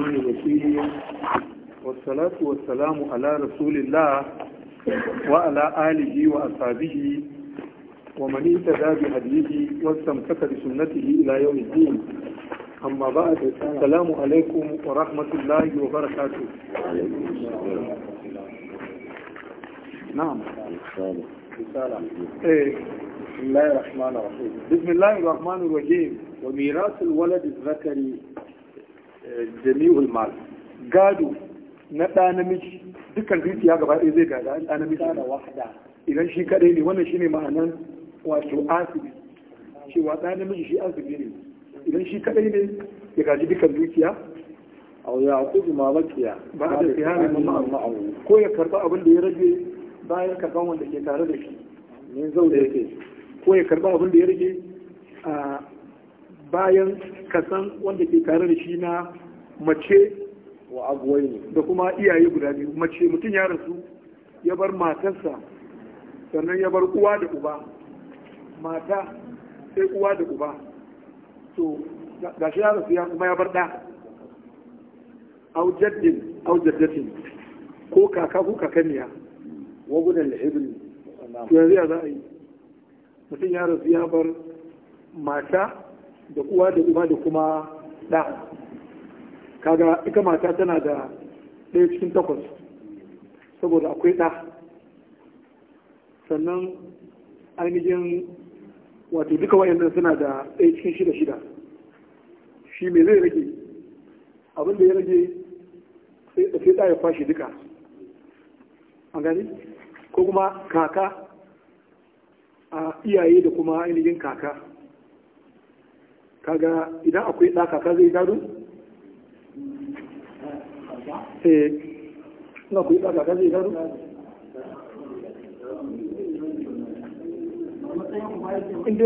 الرحمن الرحيم والصلاة والسلام على رسول الله وعلى آله وأصحابه ومن اهتدى بهديه واستمسك بسنته إلى يوم الدين أما بعد السلام عليكم ورحمة الله وبركاته نعم إيه. إيه. بسم الله الرحمن الرحيم بسم الله الرحمن الرحيم وميراث الولد الذكري jami'ul mal gado na ɗa namiji dukkan dukiya gaba ɗaya zai gada ɗa namiji da wahda idan shi kaɗai ne wannan shine ma'anan wato asibi cewa ɗa namiji shi asibi ne idan shi kaɗai ne ya gaji dukkan dukiya a ya kudu ma bakiya ba da tihanin a ko ya karɓa abin da ya rage bayan karɓan wanda ke tare da shi ne zau da yake ko ya karɓa abin da ya rage ah, bayan kasan wanda ke tare da shi na mace wa agwai da kuma iyaye guda biyu mace mutum ya rasu ya bar matarsa sannan ya bar uwa da uba mata sai uwa da uba to ga shi ya rasu ya kuma ya bar ɗa aujaddin aujaddatin ko kaka ko kakanniya wa gudan la'ibin to yanzu ya za a yi mutum ya rasu ya bar mata da uwa da uba da kuma ɗa kaga ita mata tana da ɗaya cikin takwas saboda akwai ɗa sannan ainihin wato duka wayannan suna da ɗaya cikin shida shida shi me zai rage abin da ya rage sai sai ya fashi duka an gani ko kuma kaka a iyaye da kuma ainihin kaka kaga idan akwai ɗa ka zai gado? eh ina akwai zai gado?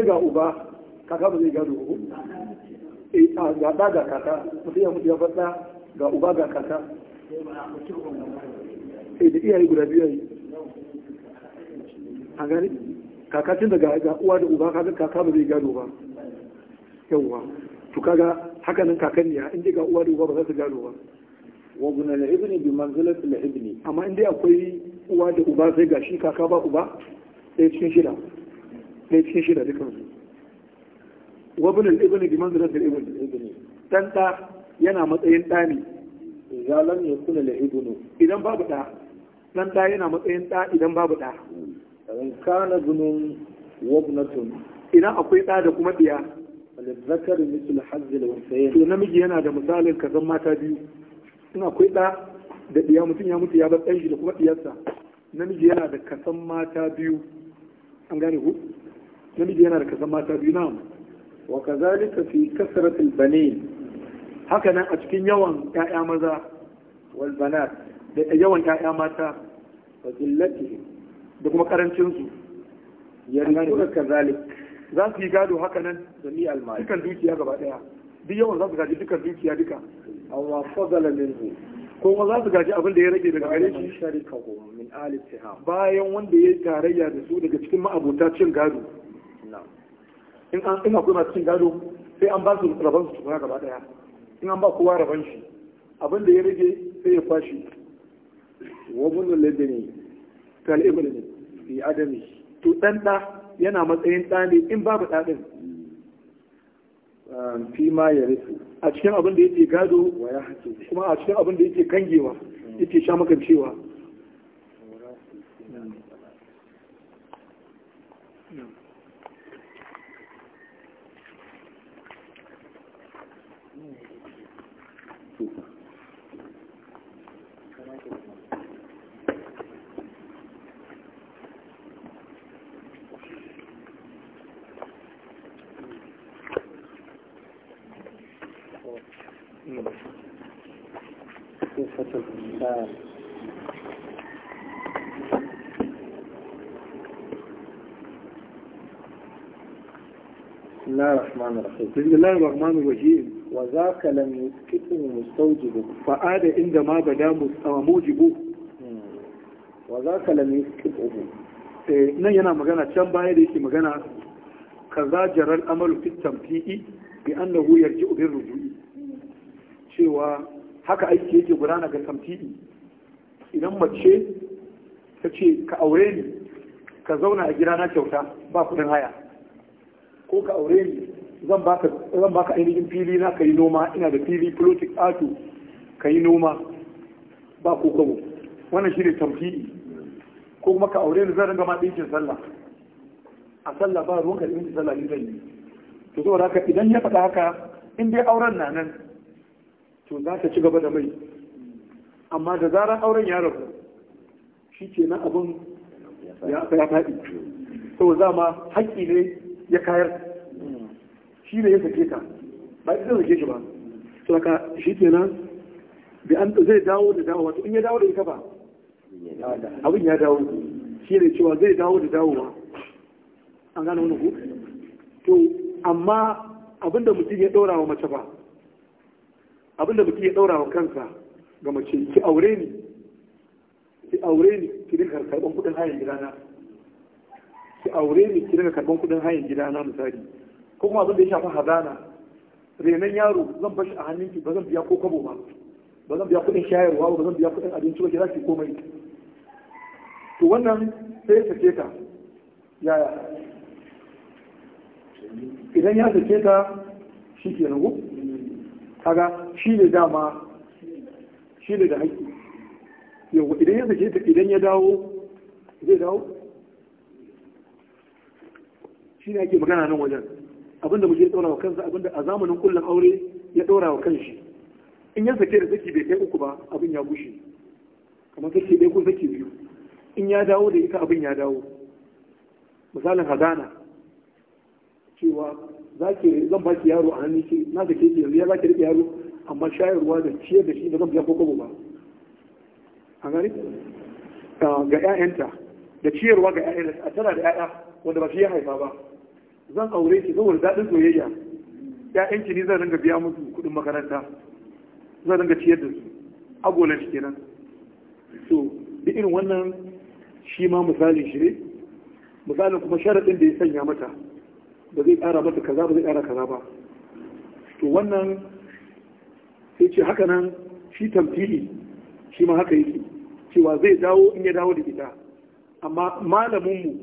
ga uba kaka ba zai gado ko? Eh, ga ɗa ga kaka mutum ya mutu ya faɗa ga uba ga kaka eh da iyaye guda biyu yi a gani kakacin da ga uwa da uba kaga kaka ba zai gado ba yawwa to kaga haka nan kakanniya in ga uwa da uba ba za su gano ba wa gunal ibni bi manzilatil ibni amma in dai akwai uwa da uba sai ga shi kaka ba uba sai cikin shida sai cikin shida dukan su wa gunal ibni bi al ibni dan da yana matsayin da ne zalan ya kula da ibnu idan babu da dan da yana matsayin da idan babu da in kana gunun wa idan akwai da da kuma diya وللذكر مثل حظ الأنثيين to namiji yana da misalin kazan mata biyu in akwai da da diya mutum ya mutu ya bar ɗan shi da kuma diyarsa namiji yana da kasan mata biyu an gane ku namiji yana da kasan mata biyu na'am wa kazalika fi kasratil banin haka nan a cikin yawan ƴaƴa maza wal banat da yawan ƴaƴa mata wa qillatihim da kuma karancin su yarda da kazalik za su yi gado haka nan dukan dukiya gaba daya duk yawan za su gaji dukan dukiya duka amma fadala minhu ko ma za su gaji abin da ya rage daga gare shi min ali bayan wanda ya yi tarayya da su daga cikin ma'abota cin gado in an ina kuma cin gado sai an ba su rabon su tukuna gaba daya in an ba kowa rabon shi abin da ya rage sai ya kwashi wa bunul ladani kal ibn fi adami to dan da yana matsayin ɗa in babu daɗin. ya rufe a cikin abin da yake gado kuma a cikin abin da yake kangewa hmm. yake sha makancewa الله الرحمن الرحيم بسم الله الرحمن nan yana magana can baya da yake magana kaza jarar amalu fi tamfi'i bi annahu yarji'u bin ruju'i cewa haka aiki yake gudana ga tamfi'i idan mace ta ce ka aure ni ka zauna a gidana kyauta ba kudin haya ko ka aure ni zan baka zan ainihin fili na kai noma ina da fili politic ato kai noma ba ko kawo wannan shine tamfidi ko kuma ka aure ni zan ringa ma dinkin sallah a sallah ba ruwan ka dinkin sallah ni zan yi to saboda haka idan ya faɗa haka in dai auren na nan to za ta ci gaba da mai amma da zarar auren ya rabu shi ke na abin ya faɗi to za ma haƙƙi ne ya kayar shi ne ya sake ta ba ita zai sake shi ba saka shi kenan da an zai dawo da dawowa to in ya dawo da ita ba abin ya dawo shi ne cewa zai dawo da dawowa an gane wani ku to amma abinda mutum ya ɗora wa mace ba abinda mutum ya ɗora wa kansa ga mace ki aure ni ki aure ni ki dinka karɓar kuɗin hayan gidana ki aure ne ki daga karban kudin hayan gida na misali ko kuma abin da ya shafi hazana renon yaro zan bashi a hannunki ba zan biya ko kabo ba ba zan biya kudin shayarwa ba zan biya kudin abinci ba ki za ki komai to wannan sai ya sake ta yaya idan ya sake ta shi ke nugu kaga shi ne dama shi ne da haƙƙi yau idan ya sake ta idan ya dawo zai dawo shi ne ake magana nan wajen abinda mutum ya ɗora wa kansa abinda a zamanin kullum aure ya ɗora wa kanshi in ya sake da saki bai kai uku ba abin ya gushe kamar saki ɗaya ko saki biyu in ya dawo da ita abin ya dawo misalin hadana cewa za ki zan ba ki yaro a hannun ki na sake ke yanzu ya za ki riƙe yaro amma shayarwa da ciyar da shi da zan biya ko ba a gani ah, ga 'ya'yanta da ciyarwa ga 'ya'yanta a tana da 'ya'ya wanda ba shi ya haifa ba zan aure shi saboda daɗin soyayya ƴaƴan ki zan ringa biya musu kuɗin makaranta zan ringa ciyar da su agolan shi kenan so duk irin wannan shi ma misalin shi ne misalin kuma sharaɗin da ya sanya mata ba zai ƙara mata kaza ba zai ƙara kaza ba to wannan sai ce haka nan shi tamfili shi ma haka yake cewa zai dawo in ya dawo da ita amma malamin mu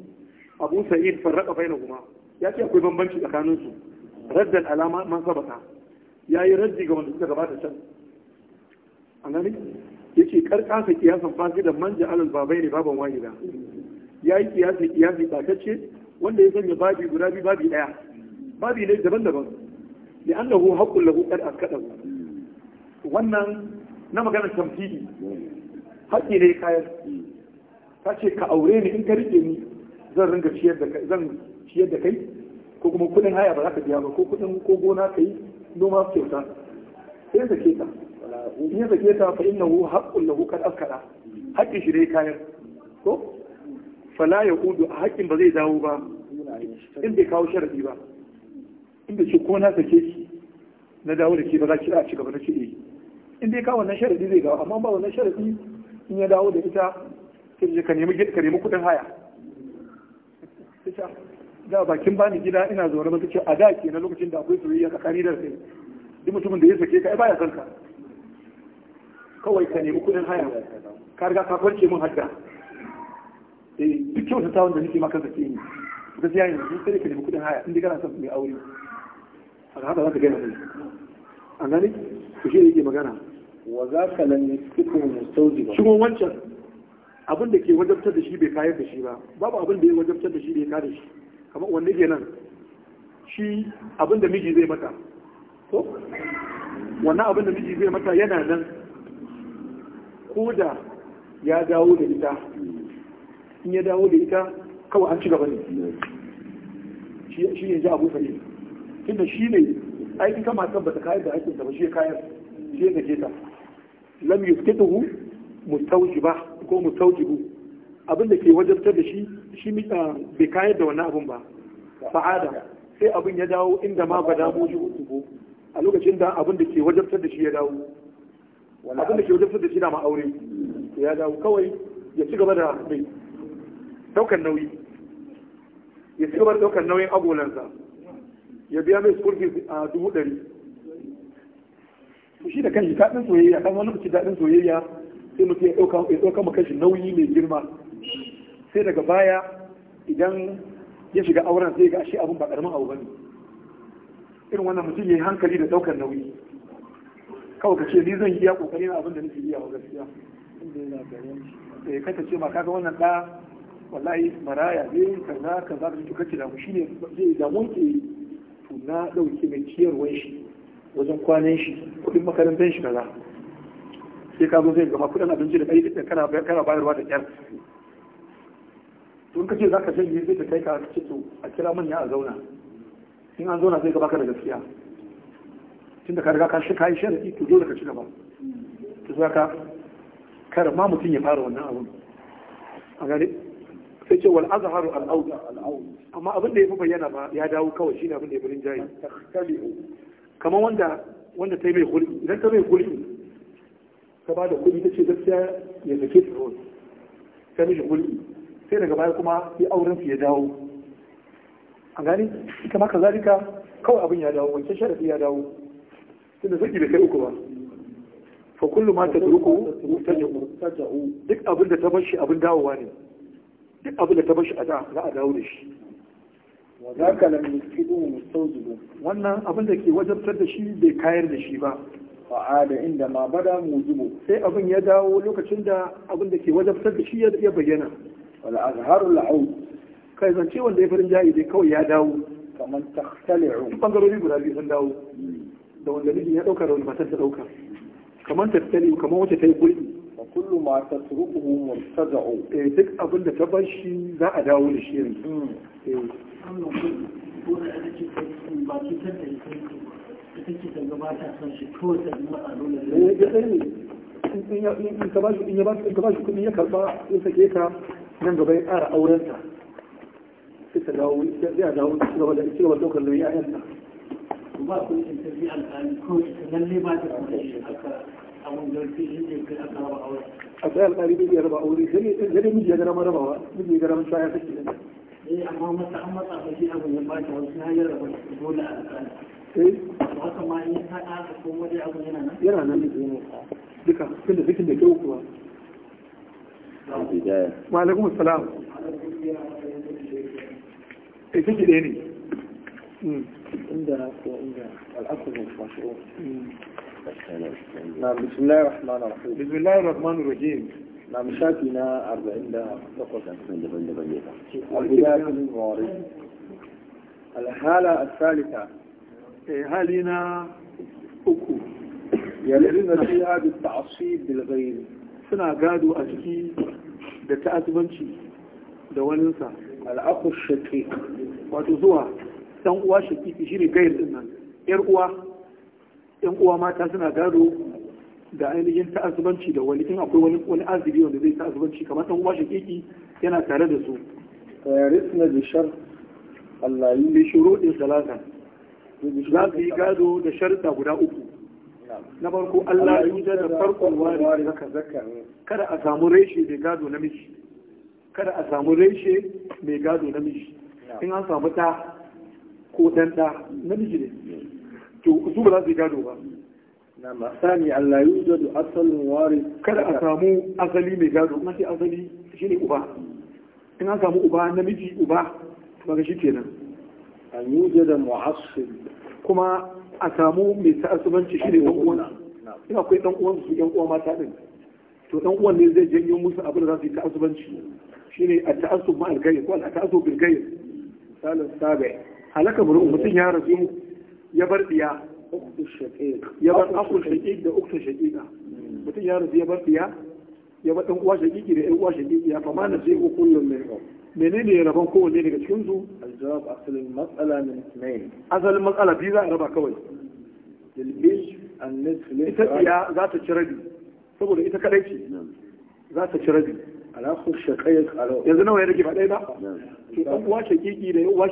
abu sa'id farraka bainahuma kuma ya ce akwai bambanci tsakanin su raddan alama man sabata ya yi raddi ga wanda suka gabata can an gani ya ce karkasa kiyasan fasi da manja alal babai ne baban wahida ya yi kiyasi kiyasi tsakacce wanda ya sanya babi guda biyu babi daya babi ne daban-daban ne an lahu haƙƙun lahu ƙar askaɗan wannan na magana tamfidi haƙƙi ne kayan ta ce ka aure ni in ka riƙe ni zan ringa ciyar da zan ciyar da kai ko kuma kudin haya ba za ka biya ba ko kudin ko gona ka yi noma kyauta sai zake ta in ya sake ta fa innahu haqqul lahu kad askara haƙƙin shi ne kayan ko fala ya udu, a haƙƙin ba zai dawo ba in bai kawo sharadi ba in bai ce ko na sake ki na dawo da ke ba za ki a ci gaba na ce eh in dai kawo wannan sharadi zai dawo amma ba wannan sharadi in ya dawo da ita sai ka nemi ka nemi kuɗin haya da bakin bani gida ina zaune ba ce a da ke na lokacin da akwai soyayya tsakani da kai duk mutumin da ya sake ka ai baya san ka kawai ka nemi kuɗin haya ka riga ka farke min hadda eh duk kyautata wanda nake maka sake ni gaskiya yanzu sai ka nemi kuɗin haya Inda kana son mai aure haka haka zaka gaina mai an gani ku shi yake magana wa za ka lan yasfiku mustawji ba kuma wancan abin da ke wajabtar da shi bai kayar da shi ba babu abin da ya wajabtar da shi bai kayar da shi kamar wanne nan shi abin da miji zai mata ko wannan abin da miji zai mata yana nan ko da ya dawo da ita in ya dawo da ita kawai an ci gaba ne shi ne ji abu fari tunda shi ne aikin kama tabbata kayan da ake ba shi kayan shi ya gaje ta lam yuskituhu mutawjiba ko mutawjibu abin da ke wajabtar da shi shi ah, bai kayar da wannan abin ba fa'ada sai abin ya dawo inda ma ba damu shi ko a lokacin da abin da ke wajabtar da shi ya dawo abin da ke wajabtar da shi na ma aure ya dawo kawai ya ci gaba da mai daukar nauyi ya ci gaba da daukar nauyin agolansa ya biya mai school a ah, dubu ɗari shi da kan shi daɗin soyayya kan wani lokaci daɗin soyayya sai mutum ya ɗauka ya ɗauka nauyi mai girma sai daga baya idan ya shiga auren sai ga ashe abun ba karamin abu bane irin wannan mutum yayi hankali da daukar nauyi kawai ka ce ni zan yi iya kokari na abin da nake yi a gaskiya eh kanta ce ma kaga wannan da wallahi maraya ne kaza kaza da kike kace da mu shine zai damu ke to na dauke mai ciyarwar shi wajen kwanan shi kudin makarantar shi kaza sai ka zo zai gama kudin abinci da kai kana bayarwa da kyar tun kace za ka janye zai ka kai ka ce to a kira manya a zauna in an zauna zai ka baka da gaskiya tun da ka riga ka shi kayi sharadi to dole ka ci gaba to za ka kar ma mutum ya fara wannan abun a gane sai ce wal azharu al awda amma abin da ya fi bayyana ba ya dawo kawai shine abin da ya fi rinjaye kamar wanda wanda ta yi mai hulɗi idan ta mai hulɗi ta ba da kuɗi ta ce gaskiya ya zake ta kawai ta mishi hulɗi sai daga baya kuma ya auren su ya dawo A gani ita maka zarika. kawai abin ya dawo wancan sharadi ya dawo tunda saki da kai uku ba fa kullu ma tadruku taja'u duk abin da ta bar shi abin dawowa ne duk abin da ta bar shi a da za a dawo da shi wa lam yusidu mustawjibu wannan abin da ke wajabtar da shi bai kayar da shi ba fa'ada inda ma bada mujibu sai abin ya dawo lokacin da abin da ke wajabtar da shi ya bayyana wala azharul aun kai zance wanda ya farin jahi dai kawai ya dawo kaman takhtali'u bangarori guda biyu sun dawo da wanda mijin ya dauka da wanda matar ta dauka Kaman tattali kamar wacce ta yi gulbi wa kullu ma tasruquhu murtada'u eh duk abin da ta bar shi za a dawo da shi yanzu hmm. eh ko da ake ba ki tattali in ka ba shi kuɗi ya karɓa in sake ka من ضبي أرى أو ينسى ليس له ليس له ليس له ليس له ليس له ذوق اللي يعيش ما أقول إن تبي الآن كل اللي ما تقول شيء أكثر أو من جلسي يجي كل أكثر أو أكثر أقل قريب يجي أربعة أو زي زي مجي أجرام إيه أما ما تأمل أخذ شيء أبو نباي تقول سنها يلا بقول لا أبو ما إيه هاي آخر قوة دي أبو نباي يلا نباي بكا كل ذلك اللي جوكوا البداية وعليكم السلام ايه تجي ليه عند وعند الأصل والمشروع نعم بسم الله الرحمن الرحيم بسم الله الرحمن الرحيم نعم شاكينا أربعين دا تقص البداية الموارد الحالة الثالثة هالنا إيه، أكو يلزم فيها بالتعصيب بالغير suna gado a ciki da ta'azubanci da waninsa Al'afu shaƙi wato zuwa ɗan uwa shaƙi shi ne gayar ɗin nan ƴar uwa 'yan uwa mata suna gado da ainihin ta'azubanci da wani in akwai wani wani wanda zai ta'azubanci kamar ɗan uwa ki yana tare da su fayarisna bi shar Allah yi bi shuruɗin salata za su yi gado da sharta guda uku na farko Allah ya yujar da farkon wari zaka zaka kada a samu reshe mai gado namiji kada a samu reshe mai gado namiji in an samu ta ko dan da namiji ne to su ba za su yi gado ba na masani Allah yujar da asalin wari kada a samu asali mai gado na ce asali shine uba in an samu uba namiji uba ba ga shi kenan an yujar da mu'assil kuma a samu mai ta'assubanci shi ne ɗan uwan ina akwai ɗan uwan su ɗan uwa mata ɗin to ɗan uwan ne zai janyo musu abin da za su yi ta'assubanci shi ne a ta'assub ma algayir ko a ta'assub bilgayir misalin sabe halaka mutum mutum ya rasu ya bar diya ya bar akul shaqiq da ukta shaqiqa mutum ya rasu ya bar diya ya bar ɗan uwa shaqiqi da ɗan uwa fama na ma nasihu kullum minhum menene rabon kowanne daga cikin su aljawab asalin matsala min ithnain asalin matsala biyu za a raba kawai ita iya za ta ci rabi saboda ita kadai ce za ta ci rabi yanzu nawa ya rage ba dai ba to dan uwa da uwa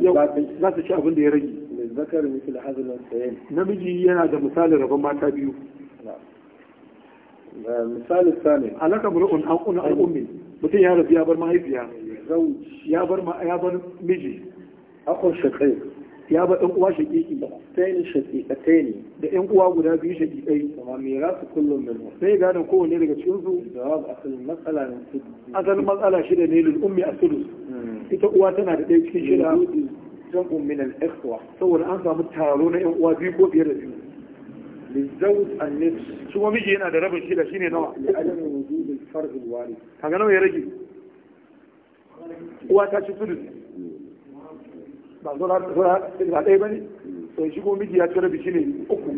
yau za ta ci abin da ya rage namiji yana da misalin rabon mata biyu misali sani alaka mur'un an kuna an mutum ya rabu ya bar mahaifiya ya bar ya bar miji akon shakai ya bar ɗan uwa shaƙiƙi tayin da ɗan uwa guda biyu shaƙiƙai kuma me ra su kullum min sai daga cikin su jawab asalin matsala ne su asalin matsala shida ne lil ummi asulus hmm. ita uwa tana da ɗaya cikin shida ikhwa saboda an samu taro na ɗan uwa biyu ko biyar da biyu للزوج النصف شو ميجي هنا ده ربع كده شيء نوع لعدم وجود الفرق الوارث كان نوع يا رجل وتا تشفل بعضها بعضها تقرا ايه بني to shi ko miji ya ci rabi shine uku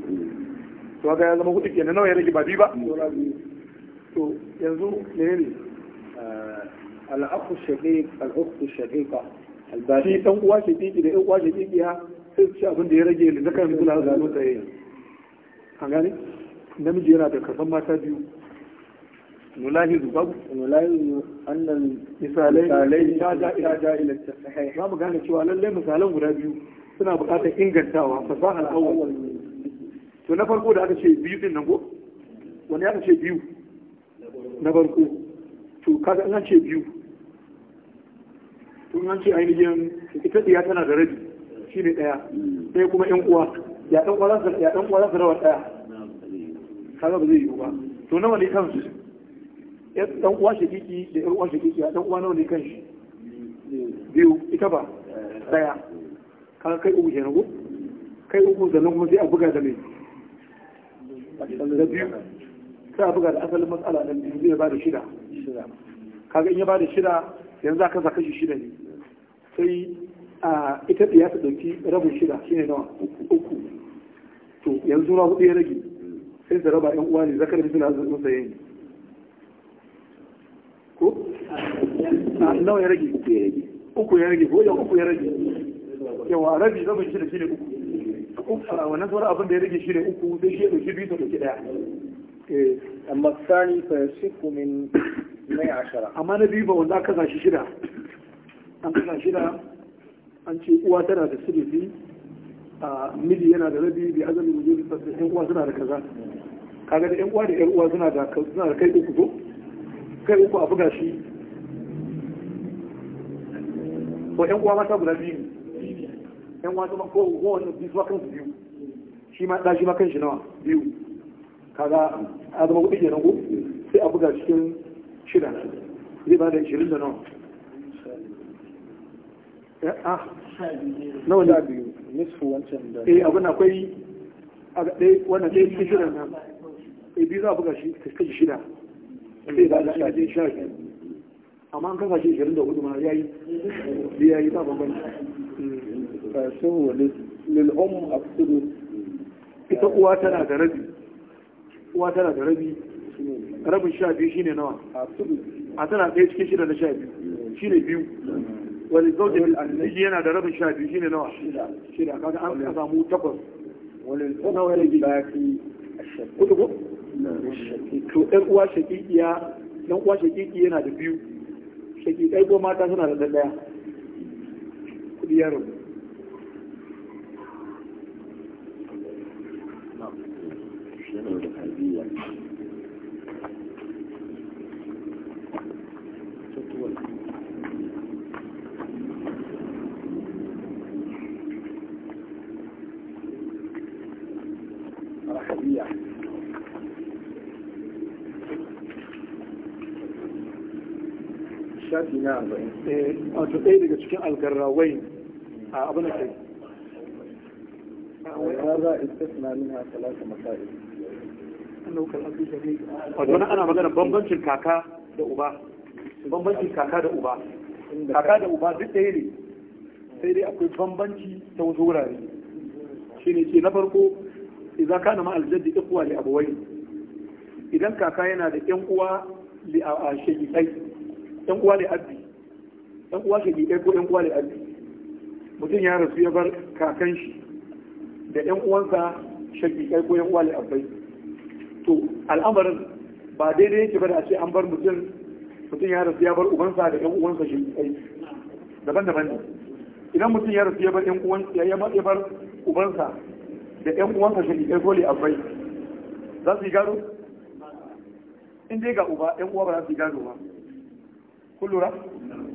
to ga ya zama hudu kenan nawa ya rage ba bi ba to yanzu menene al-aqu shaqiq al-ukhtu shaqiqa al-baqi dan uwa shaqiqi da uwa shaqiqiya sai su ci abin da ya rage da zakar mutum da zai mutsaye an gane namiji yana da kasan mata biyu nulahidu babu nulahidu annan misalai ya ja ila ja ila sahih za mu gane cewa lallai misalan guda biyu suna buƙatar ingantawa fasahar awwal to na farko da aka ce biyu din nan ko wani aka ce biyu na farko to kaga an ce biyu to an ce ainihin ita tsiya tana da rabi shine daya sai kuma yan uwa ya dan kwaransa ya dan kwaransa rawa daya kaga ba zai yi ba to nawa ne kan kansu dan uwa shakiki da yar uwa shakiki ya dan uwa nawa ne kan shi biyu ita ba daya kaga kai uku kenan ko kai uku da nan kuma sai a buga da mai da biyu sai a buga da asalin matsala da biyu zai ba da shida kaga in ya ba da shida yanzu aka sa kashi shida ne sai a ita da ya ta dauki rabin shida shine nawa uku to yanzu na hudu ya rage sai su raba yan uwa ne zakar bisu na azumin sayen ko na ya rage uku ya rage ko yan uku ya rage yawa rabi rabin shi da shi ne uku a wannan sauran abin da ya rage shi ne uku sai shi ya ɗauki biyu da ɗauki ɗaya eh, amma sani fa yasiku min mai ashara amma na biyu ba wanda aka zashi shida an kaza shida an ce uwa tana da sulusi miji yana da rabi bi azami mu jiri yan uwa suna da kaza kaga da yan uwa da yan uwa suna da suna da kai uku zo kai uku a buga shi ko yan uwa mata guda biyu yan uwa kuma ko wani biyu kan kansu biyu shi ma shi ma kanshi nawa biyu kaga a zama kuɗi kenan ko sai a buga cikin shida zai ba da ishirin da nawa eh, ah. nawa da biyu nisfu wancan da eh akwai a ga dai wannan dai cikin nan eh, biyu za a buga shi kashi shida sai da Allah ya amma an kasa shi 24 ma yayi yayi ba bambanci hmm. fa sahu lil umm ita uwa tana da rabi uwa tana da rabi rabin sha biyu ne nawa a tana ɗaya cikin shida na sha biyu ne biyu wani zauje miji yana da rabin sha biyu shine nawa shida kaga an ka samu takwas wani nawa ya gida fi kudu ko to ɗan uwa yana da biyu shakikai ko mata suna da ɗaya kudi ya rabu Eh, wato ɗaya daga cikin algarrawai a abin da kai هذا استثنى منها ثلاث مسائل wato nan ana magana bambancin kaka da uba bambancin kaka da uba kaka da uba duk ɗaya ne sai dai akwai bambanci ta wasu wurare shi ne ce na farko idan ka na ma'aljaddi ikuwa li abuwai idan kaka yana da ƴan uwa li a shayi yan uwa ne arzi ɗan uwa shi ɗaya ko yan uwa ne arzi mutum ya rasu ya bar kakan shi da yan uwansa shaƙiƙai ko yan uwa ne abai to al'amarin ba daidai yake ba da a ce an bar mutum mutum ya rasu ya bar ubansa da yan uwansa shaƙiƙai daban-daban ne idan mutum ya rasu ya bar ɗan uwansa ya bar ubansa da yan uwansa shaƙiƙai ko ne za su yi gado in dai ga uba yan uwa ba za su yi gado ba kun lura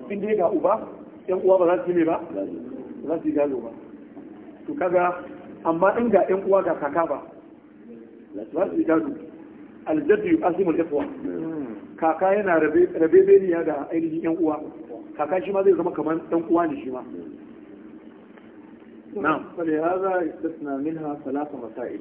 in dai ga uba yan uwa ba za su yi ne ba za su yi gado ba to kaga amma in ga yan uwa ga kaka ba za su yi gado aljaddu yuqasimul ikhwa kaka yana rabe rabe beniya da ainihin yan uwa kaka shi ma zai zama kamar dan uwa ne shi ma na'am falihaza istasna minha salasa masail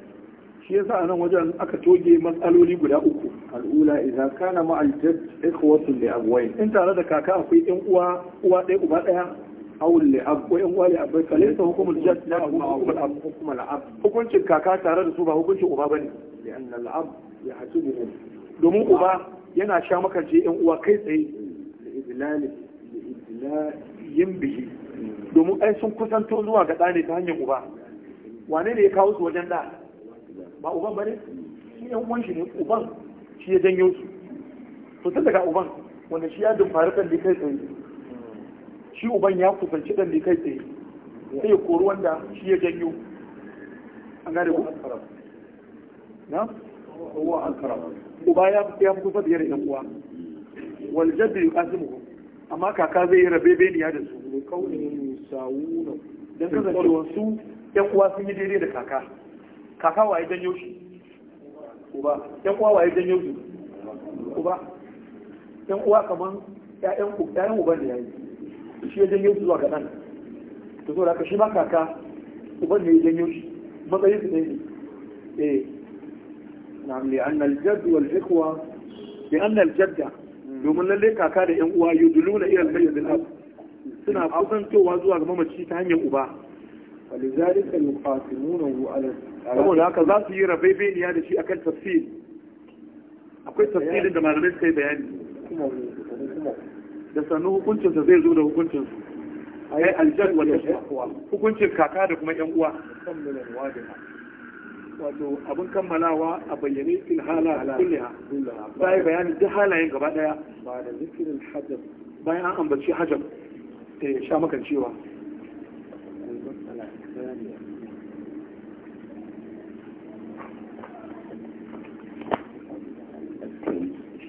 shi yasa a nan wajen aka toge matsaloli guda uku al'ula idan kana ma aljad ikhwatu li abwayn in tare da kaka akwai ɗan uwa uwa ɗaya uba ɗaya aw li ab ko ɗan uwa li abai fa laysa hukumul jad la hukumul ab hukumul ab hukuncin kaka tare da su ba hukuncin uba bane li anna al ab ya hasubuhum domin uba yana sha makarce ɗan uwa kai tsaye idlali idlalin bihi domin ai sun kusanto zuwa ga ɗa ta hanyar uba wane ne ya kawo su wajen da? ba uban ba ne? shi ɗan uwan shi ne uban shi ya janyo su to tun daga uban wanda shi ya dumfari ɗan da kai tsaye shi uban ya kusanci ɗan da kai tsaye sai ya kori wanda shi ya janyo an gane ku na uwa an karama uba ya fi kusa biyar yan uwa wal jaddu yuqasimu amma kaka zai yi rabe bai da su ne kaunin sawuna dan kasancewar su yan uwa sun yi daidai da kaka kaka waye janyo shi uba yan uwa waye janyo su uba yan uwa kaman ƴaƴan ƴaƴan uban da yayi shi ya janyo su zuwa ga nan to so haka shi ma kaka uban ne ya janyo shi matsayin su ne eh na'am li anna al-jadd wal ikhwa bi anna al domin lalle kaka da ƴan uwa yuduluna ila al-mayyit al-ab suna kusantowa zuwa ga mamaci ta hanyar uba ولذلك يقاسمونه على saboda haka za su yi rabaibeniya da shi akan tafsir akwai tafsirin da malamai suka yi bayani da sannu hukuncinsa zai zo da hukuncinsu a yi aljad wa tashwa hukuncin kaka da kuma yan uwa wato abin kammalawa a bayyane in hala kulle kulliha yi bayani duk halayen gaba daya bayan an ambaci hajab da sha makan cewa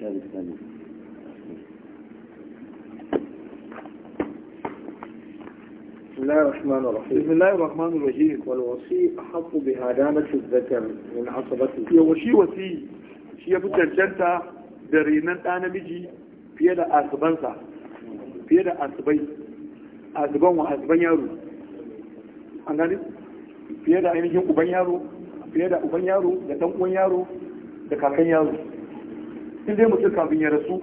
بسم الله الرحمن الرحيم بسم الله الرحمن الرحيم والوصي أحط بهدامة الذكر من عصبته يا وشي وصي شي أبو ترجنتا درينان أنا مجي في هذا أسبانسا في هذا أسبان أسبان وأسبان يارو أنا في هذا أين يجي أبان يارو في هذا أبان يارو لتنقون يارو لكاكين يارو inda ya mutu kafin ya rasu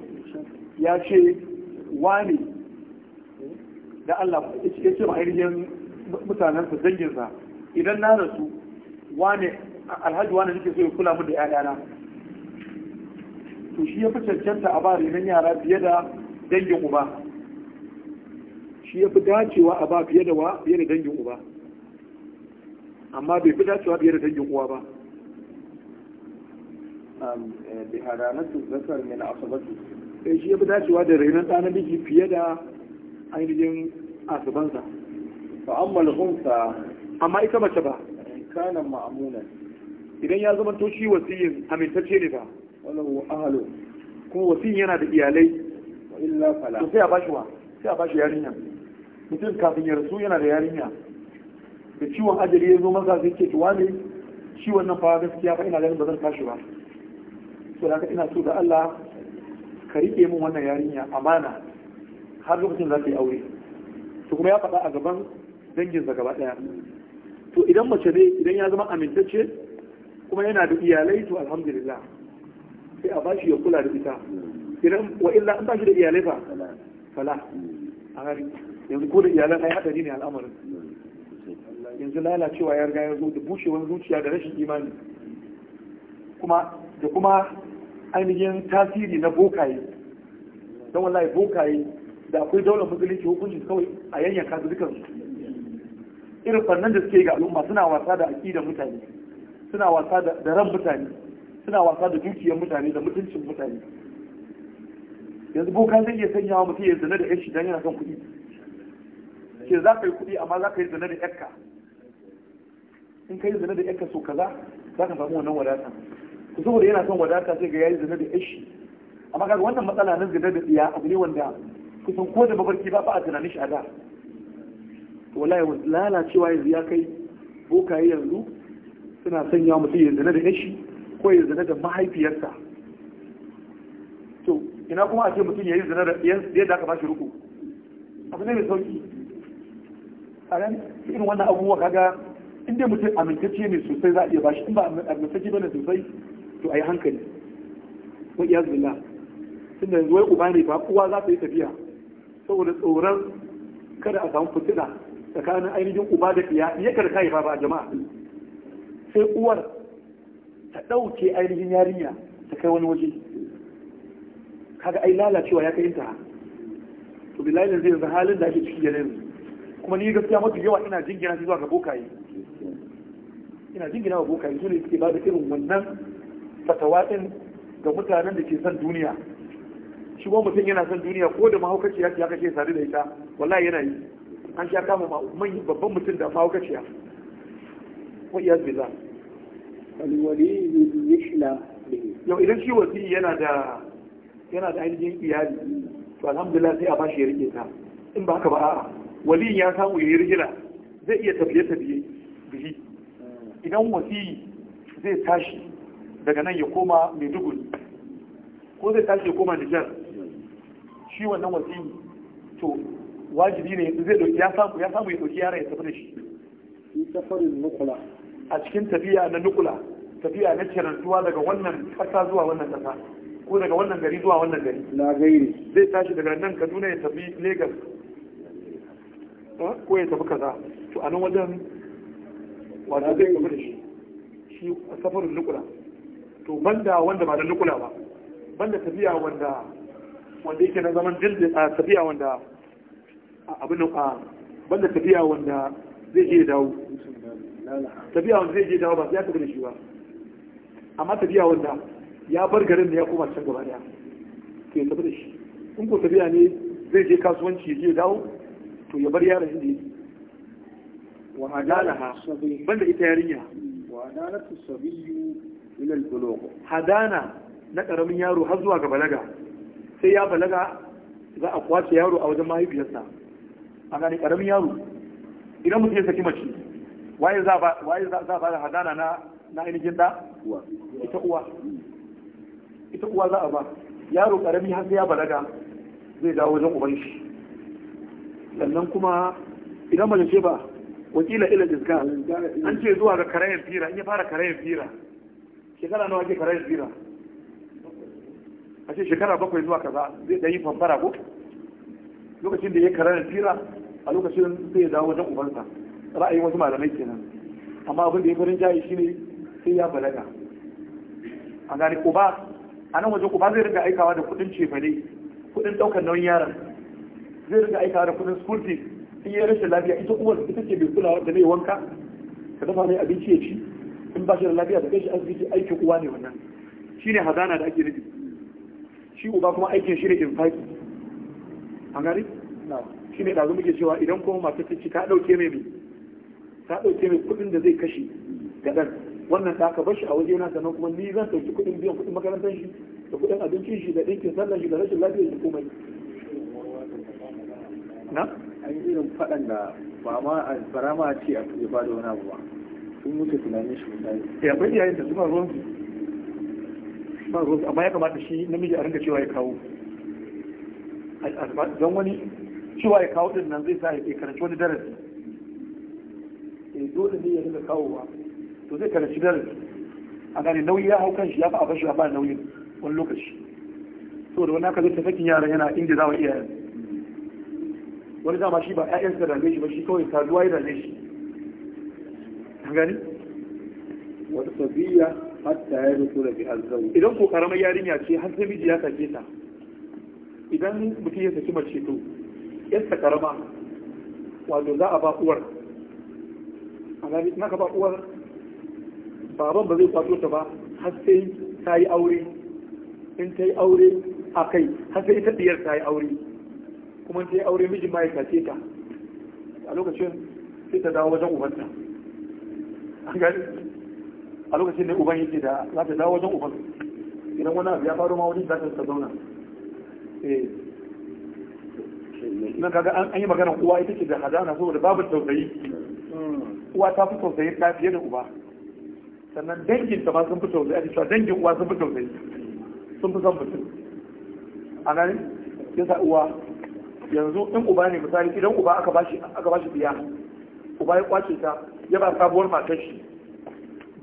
ya ce wani da Allah ya ce ma mutanensa danginsa idan na rasu wani alhaji wani nake so ya kula mu da na? to shi ya fi cancanta a ba nan yara fiye da dangin uba shi ya fi dacewa a ba fiye da wa fiye da dangin uba amma bai fi dacewa fiye da dangin uwa ba na eh, hadanatu zakar min asabati eh shi ya fi dacewa da rainon ɗa namiji fiye da ainihin asibansa fa amma al-khumsa amma ita mace ba kana ma'amuna idan ya zama to shi wasiyin amintacce ne ba walahu ahlu kuma wasiyin yana da iyalai wa illa fala to sai a bashi wa sai a bashi yarinya mutum kafin ya rasu yana da yarinya da ciwon ajali ya zo masa zai ce ki wani ciwon nan fa gaskiya ba ina ganin ba zan tashi ba to da ina so da Allah ka rike min wannan yarinya amana har lokacin za ta yi aure to kuma ya faɗa a gaban danginsa gaba ɗaya to idan mace ne idan ya zama amintacce kuma yana da iyalai to alhamdulillah sai a bashi ya kula da ita idan wa illa an bashi da iyalai fa fala a gari yanzu ko da iyalan ai hadari ne al'amarin yanzu lalacewa ya riga ya zo da bushewar zuciya da rashin imani kuma da kuma ainihin tasiri na bokaye don wallahi bokaye da akwai daular musulunci hukunci kawai a yanyanka su dukansu irin fannan da suke ga al'umma suna wasa da aƙi da mutane suna wasa da ran mutane suna wasa da dukiyar mutane da mutuncin mutane yanzu boka zai iya sanya wa mutum ya zana da yashi don yana kan kuɗi ke za ka yi kuɗi amma za ka yi zana da yakka in ka yi zana da yakka so kaza za ka samu wannan wadata ku saboda yana son wadata sai ga yayi zina da ishi amma kaga wannan matsala na zina da iya abu ne wanda kusan ko da mafarki ba ba a tunanin shi a da wallahi lalacewa yanzu ya kai bokaye yanzu suna sanya mutum ya zina da ishi ko ya zina da mahaifiyarsa to ina kuma a ce mutum ya yi zina da yadda aka bashi ruku abu ne mai sauki a ran irin wannan abubuwa kaga inda mutum amintacce ne sosai za a iya bashi in ba amintacce bane sosai to a yi hankali wa iyaz billah tunda yanzu wai uba ne ba uwa za ta yi tafiya saboda tsoron kada a samu fitina tsakanin ainihin uba da iya kada ka yi ba a jama'a sai uwar ta ɗauke ainihin yarinya ta kai wani waje kaga ai lalacewa ya kai ta to billahi yanzu yanzu halin da ake ciki yanzu kuma ni gaskiya mafi yawa ina jingina shi zuwa ga bokaye ina jingina wa bokaye su ne suke ba da irin wannan fatawa ga mutanen da ke son duniya shi kuma mutum yana son duniya ko da mahaukaciya ya ce sare da ita wallahi yana yi an sha kama manyan babban mutum da mahaukaciya wa iyaz billah alwali yishla yau idan shi wasi yana da yana da ainihin iyali to alhamdulillah sai a bashi ya rike ta in ba haka ba a'a wali ya samu ya yi rigila zai iya tafiye tafiye bihi idan wasi zai tashi daga nan ya koma maiduguri ko zai tashi ya koma nijar shi wannan wasiyi to wajibi ne zai dauki ya samu ya samu ya dauki yaron ya tafi da shi a cikin tafiya na nukula tafiya na cirantuwa daga wannan kasa zuwa wannan kasa ko daga wannan gari zuwa wannan gari na gairi zai tashi daga nan kaduna ya tafi Legas. Eh, ko ya tafi kaza to a nan wajen wato zai tafi da shi shi safarin nukula to banda wanda ba da nukula ba banda tafiya wanda wanda yake na zaman jirgin a tafiya wanda abin a banda tafiya wanda zai je dawo tafiya wanda zai je dawo ba ya tafi da shi ba amma tafiya wanda ya bar garin da ya koma can gaba daya to ya tafi da shi in ko tafiya ne zai je kasuwanci ya je dawo to ya bar yaron inda yake wa adalaha banda ita yarinya wa adalatu sabiyyu ila al-bulugh hadana na karamin yaro har zuwa ga balaga sai ya balaga za a kwace yaro a wajen mahaifiyarsa a gane karamin yaro idan mutum ya saki mace waye za ba waye za ba da hadana na na ainihin da ita uwa ita uwa za a ba yaro karami har sai ya balaga zai dawo wajen uban shi sannan kuma idan mace ce ba wakila ila iska an ce zuwa ga karayen fira in ya fara karayen fira shekara nawa ke karayar zira a ce shekara bakwai zuwa kaza zai ɗan yi ko lokacin da ya karayar zira a lokacin zai dawo wajen ubansa ra'ayi wasu malamai kenan amma abin da ya farin jayi shine sai ya balaga a gani uba a nan wajen uba zai riga aikawa da kuɗin cefane kuɗin ɗaukar nauyin yaron zai riga aikawa da kuɗin school fees in yi rashin lafiya ita uwar ita ce mai kulawa da mai wanka ka dafa mai abinci ya ci in ba shi da lafiya da kai shi asibiti aikin uwa ne wannan Shi ne hazana da ake nufi shi uba kuma aikin shi ne infaki an gari shi ne ɗazu muke cewa idan kuma masu ta ta ɗauke mai ta ɗauke mai kuɗin da zai kashe gadar wannan ta ka bar shi a waje na sannan kuma ni zan ɗauki kuɗin biyan kuɗin makarantar shi da kuɗin abincin shi da ɗinkin sallar shi da rashin lafiyar shi komai na an yi irin faɗan da ba ma a ce a tuɗe ba da wani abu ba sun mutu tunanin shi misali eh akwai iyayen da suna ruwan suna ruwan amma ya kamata shi namiji a rinka cewa ya kawo don wani cewa ya kawo din nan zai sa ya karanci wani darasi eh dole ne ya rinka kawowa to zai karanci darasi a gane nauyi ya hau kan shi ya fa abar shi ya ba nauyin wani lokaci saboda wani haka zai tafakin yaran yana inda za wa iyayen wani dama shi ba 'ya'yansa da shi ba shi kawai saduwa ya dame shi gani wata sabiya hatta ya rufu da bi alzawi idan ko karamar yarinya ce har sai miji ya sake ta idan mutum ya saki mace to yasta karama wato za a ba uwar a gani na ka ba uwar baban ba zai kwato ta ba har sai ta yi aure in ta yi aure a kai har sai ita diyar ta yi aure kuma ta yi aure mijin ma ya sake ta a lokacin sai ta dawo wajen ubanta a lokacin da uban yake da za ta dawo wajen uban idan wani abu ya faru ma wani za ta zauna eh. nan kaga an yi maganar uwa ita ce da hadana saboda babu tausayi uwa ta fi tausayi ta fiye da uba sannan dangin ta ma sun fi tausayi ake cewa dangin uwa sun fi tausayi sun fi son mutum a nan ya uwa yanzu in uba ne misali idan uba aka bashi aka bashi biya uba ya kwace ta ya ba sabuwar matar shi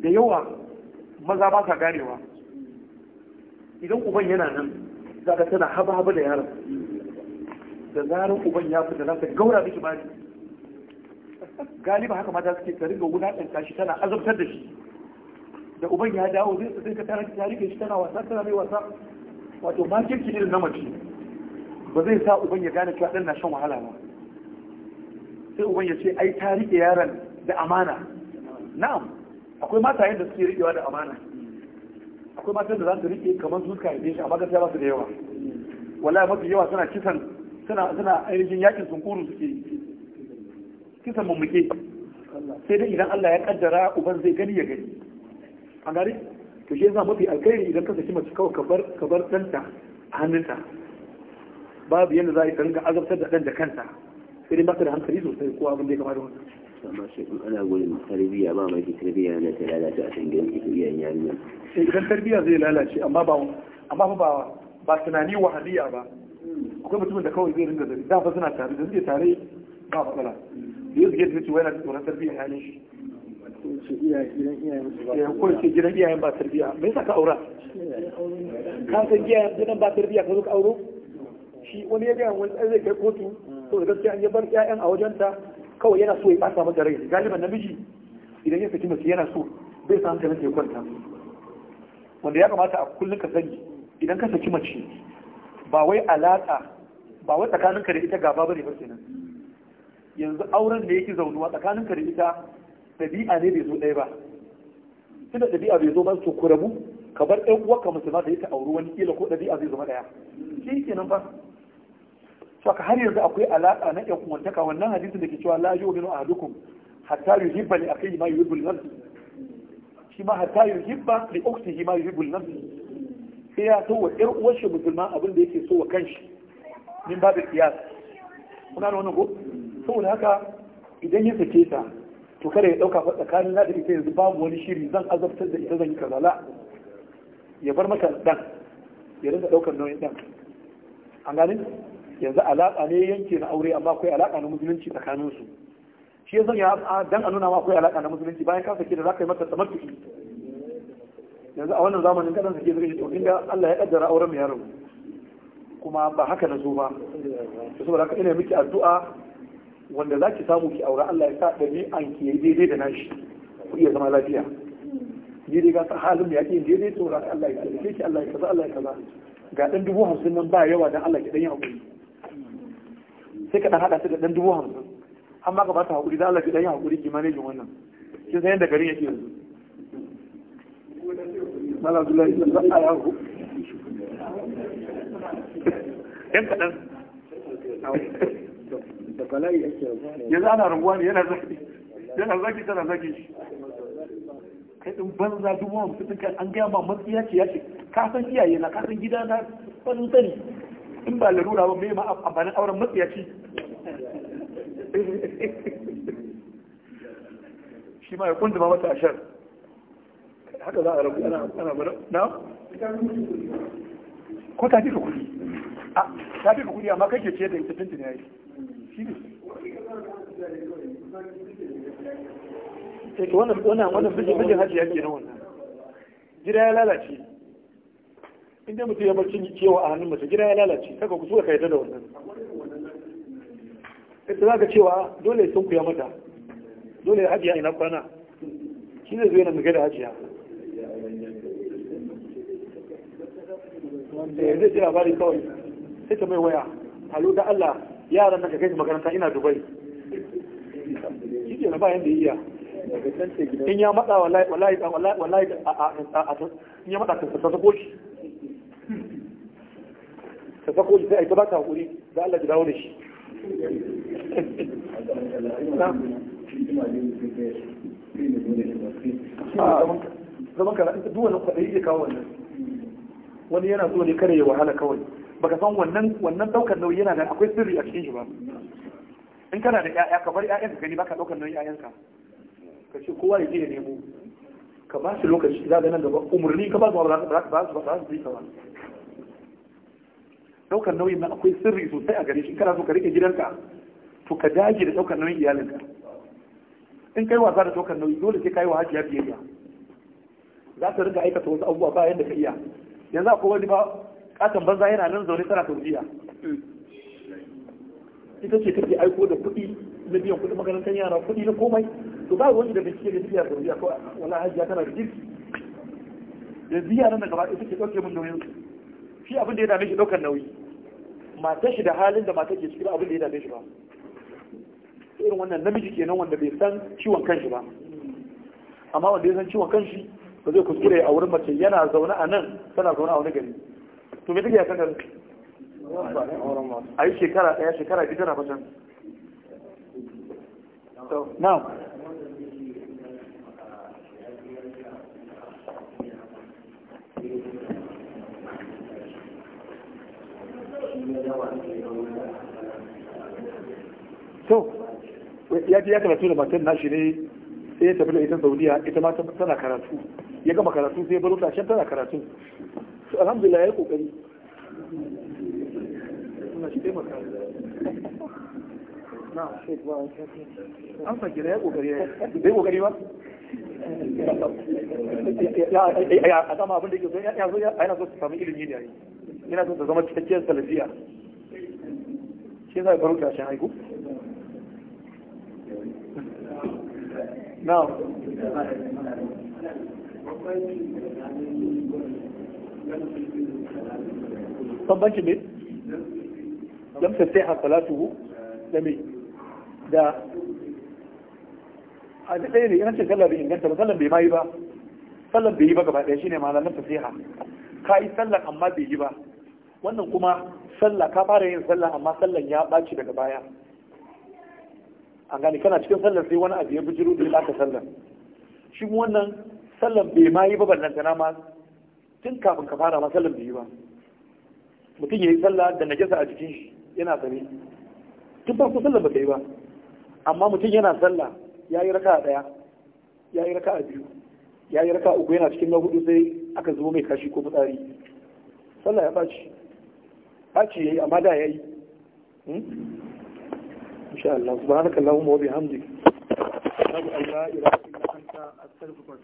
da yawa maza ba sa ganewa idan uban yana nan za ka tana haba haba da yaron da zarar uban ya fita za ta gaura miki bani galiba haka mata suke ta ringa ɗan tashi tana azabtar da shi da uban ya dawo zai tsaye ka tare ta rike shi tana wasa tana mai wasa wato ma kirki irin na mace ba zai sa uban ya gane cewa ɗan na shan wahala ba sai uban ya ce ai ta rike yaron da amana na'am akwai mata da suke riƙewa da amana akwai matan da za su rike kamar su suka haife amma gaskiya ba su da yawa wallahi mafi yawa suna kisan suna suna ainihin yakin sunkuru suke kisan mummuke sai dai idan Allah ya kaddara uban zai gani ya gani an gari to shi yasa mafi alkhairi idan ka saki mace kawai kabar kabar danta a hannunta babu yadda za a yi ka azabtar da ɗan da kanta sai dai baka da hankali sosai ko abin da ya kama da wannan amma shi in ana gurin tarbiyya ba mai tarbiyya na ta lalace a cikin iyayen yarinya eh, idan tarbiyya zai lalace amma ba amma ba ba tunani wahaliya ba akwai mutumin da kawai zai ringa zari da fa suna tare da suke tare ba matsala da yau zai ce wani tsoron tarbiyyar halin shi ko eh, ce gidan iyayen ba tarbiyya me yasa ka aura ka san gidan ba tarbiyya ka zo ka auro shi wani ya gaya wani zai kai kotu to da gaskiya an bar ƴaƴan a wajenta kawai yana so ya ɓata mata rai galiban namiji idan ya saki mace yana so bai san ta ya kwanta wanda ya kamata a kullum ka sani idan ka saki mace ba wai alaƙa ba wai tsakaninka da ita gaba bane ba kenan yanzu auren da yake zaunuwa tsakaninka da ita ɗabi'a ne bai zo ɗaya ba tunda ɗabi'a bai zo ba su ku rabu ka bar ɗan uwarka musulma da ita auri wani kila ko ɗabi'a zai zama ɗaya shi kenan ba saka har yanzu akwai alaka na yan uwantaka wannan hadisin da ke cewa la yu'minu ahadukum hatta yuhibba li akhihi ma yuhibbu li nafsihi shi ma hatta yuhibba li ukhtihi ma yuhibbu li nafsihi sai ya so wa ƴar uwar shi musulma abin da yake so wa kanshi min babu qiyas kuna da wannan ko saboda haka idan ya sake ta to kada ya dauka fa tsakanin da ita yanzu babu wani shiri zan azabtar da ita zan yi kaza la ya bar mata dan ya rinka daukar nauyin dan an gane yanzu alaƙa ne yanke na aure amma akwai alaƙa na musulunci tsakanin su shi ya dan a nuna ma akwai alaƙa na musulunci bayan ka sake da za ka yi mata tamattuki yanzu a wannan zamanin kadan sake zai to inda Allah ya kaddara auren mai yaro kuma ba haka na zo ba saboda haka ina miki addu'a wanda za ki samu ki aure Allah ya sa ni ki ya daidai da nashi ku iya zama lafiya ni dai ga halin da yake daidai to Allah ya kaza Allah ya kaza Allah ya kaza ga dan dubu hamsin nan ba yawa dan Allah ki dan yi hakuri sai ka dan hada su da dan dubu hamsin amma baka ba ta hakuri da Allah ki dan yi hakuri ki manajin wannan kin san yadda gari yake yanzu mala Abdullahi sallallahu alaihi wasallam yan kadan yanzu ana rabuwa ne yana zaki yana zaki tana zaki kai din banza dubu hamsin kan an ga ba matsiya ce ya ce ka san iyaye na ka san gida na sani in ba larura ba mai ma amfanin auren matsiyaci shi ma ya kunzuma mata a shar haka za a rabu ana bada na? ko ta fi ka a ta fi ka amma kake ce da ita tun ya yi shi ne eh, wannan wannan bijin hajji yake na wannan gida ya lalace Inda mutum ya bar cin cewa a hannun mace gida ya lalace kaga ku suka kaita da wannan ita za ka cewa dole sun kuya mata dole hajiya ina kwana shi ne zuwa mu da hajiya zai ce labari kawai sai ta mai waya halu da Allah yaran nan ka kai makaranta ina Dubai shi ke ba bayan da iya in ya matsa wallahi wallahi a in ya matsa koli sai a yi ta baka haƙuri da Allah ki dawo da shi ah, zaman wannan kwaɗayi ya kawo wannan wani yana ne kare ya wahala kawai baka san wannan wannan nauyi yana da akwai sirri a cikin shi ba in kana da ƴaƴa ka bar ƴaƴanka gani baka ɗaukar nauyi ƴaƴanka ka ce kowa ya je ya nemo ka ba shi lokaci za ga nan gaba umarni ka ba su ba za su ba su ba daukar nauyin nan akwai sirri sosai a gare shi kana so ka rike gidanka to ka dage da daukar nauyin iyalinka in kai wasa da daukar nauyi dole sai ka yi wa hajiya biyayya za ta riga aikata wasu abubuwa ba yadda ka iya yanzu akwai wani ba katon banza yana nan zaune tana saudiya ita ce take aiko da kuɗi na biyan kuɗin makarantar yara kuɗi na komai to ba wani da bincike da biya saudiya ko wala hajiya tana da girki yanzu yaran da gaba ɗaya suke ɗauke min nauyin shi abin da ya dame shi ɗaukar nauyi matar shi da halin da matar ke cikin abin da ya dame shi ba irin wannan namiji kenan wanda bai san ciwon kanshi ba amma wanda ya san ciwon kanshi ba zai kuskure a wurin mace yana zaune a nan tana zaune a wani gari to me take ya sanar a yi shekara ɗaya shekara biyu tana fashin na'am Thank you. to ya ji ya karatu da matan nashi ne sai ya tafi da ita saudiya ita ma tana karatu ya gama karatu sai ya baro tashen tana karatu su alhamdulillah ya yi kokari an da ya kokari ya yi kokari ba ya a sama abin da yake so ya so ya so su sami ilimi ne a yi yana so ta zama cikakkiyar salafiya shi za a faru kashin haiku na'am bambanci ne lam tasiha salatuhu da me da a da ɗaya ne yana ce sallar bai inganta ba sallar bai ma yi ba sallar bai yi ba gaba ɗaya shi ne ma lam tasiha ka yi sallar amma bai yi ba wannan kuma sallah ka fara yin sallah amma sallan ya ɓaci daga baya an gane kana cikin sallar sai wani abu ya bijiro da ya sallar shi wannan sallah bai ma yi ba ballantana ma tun kafin ka fara ma sallah bai yi ba mutum ya yi sallah da najasa a jikin shi yana sane tun farko sallar ba ta yi ba amma mutum yana sallah ya yi raka ɗaya ya yi raka biyu ya yi raka uku yana cikin na hudu sai aka zubo mai kashi ko fitsari sallah ya ɓaci ɓaci ya yi amma da ya yi hmm? insha Allah subhanaka Allahumma wa bihamdik ashhadu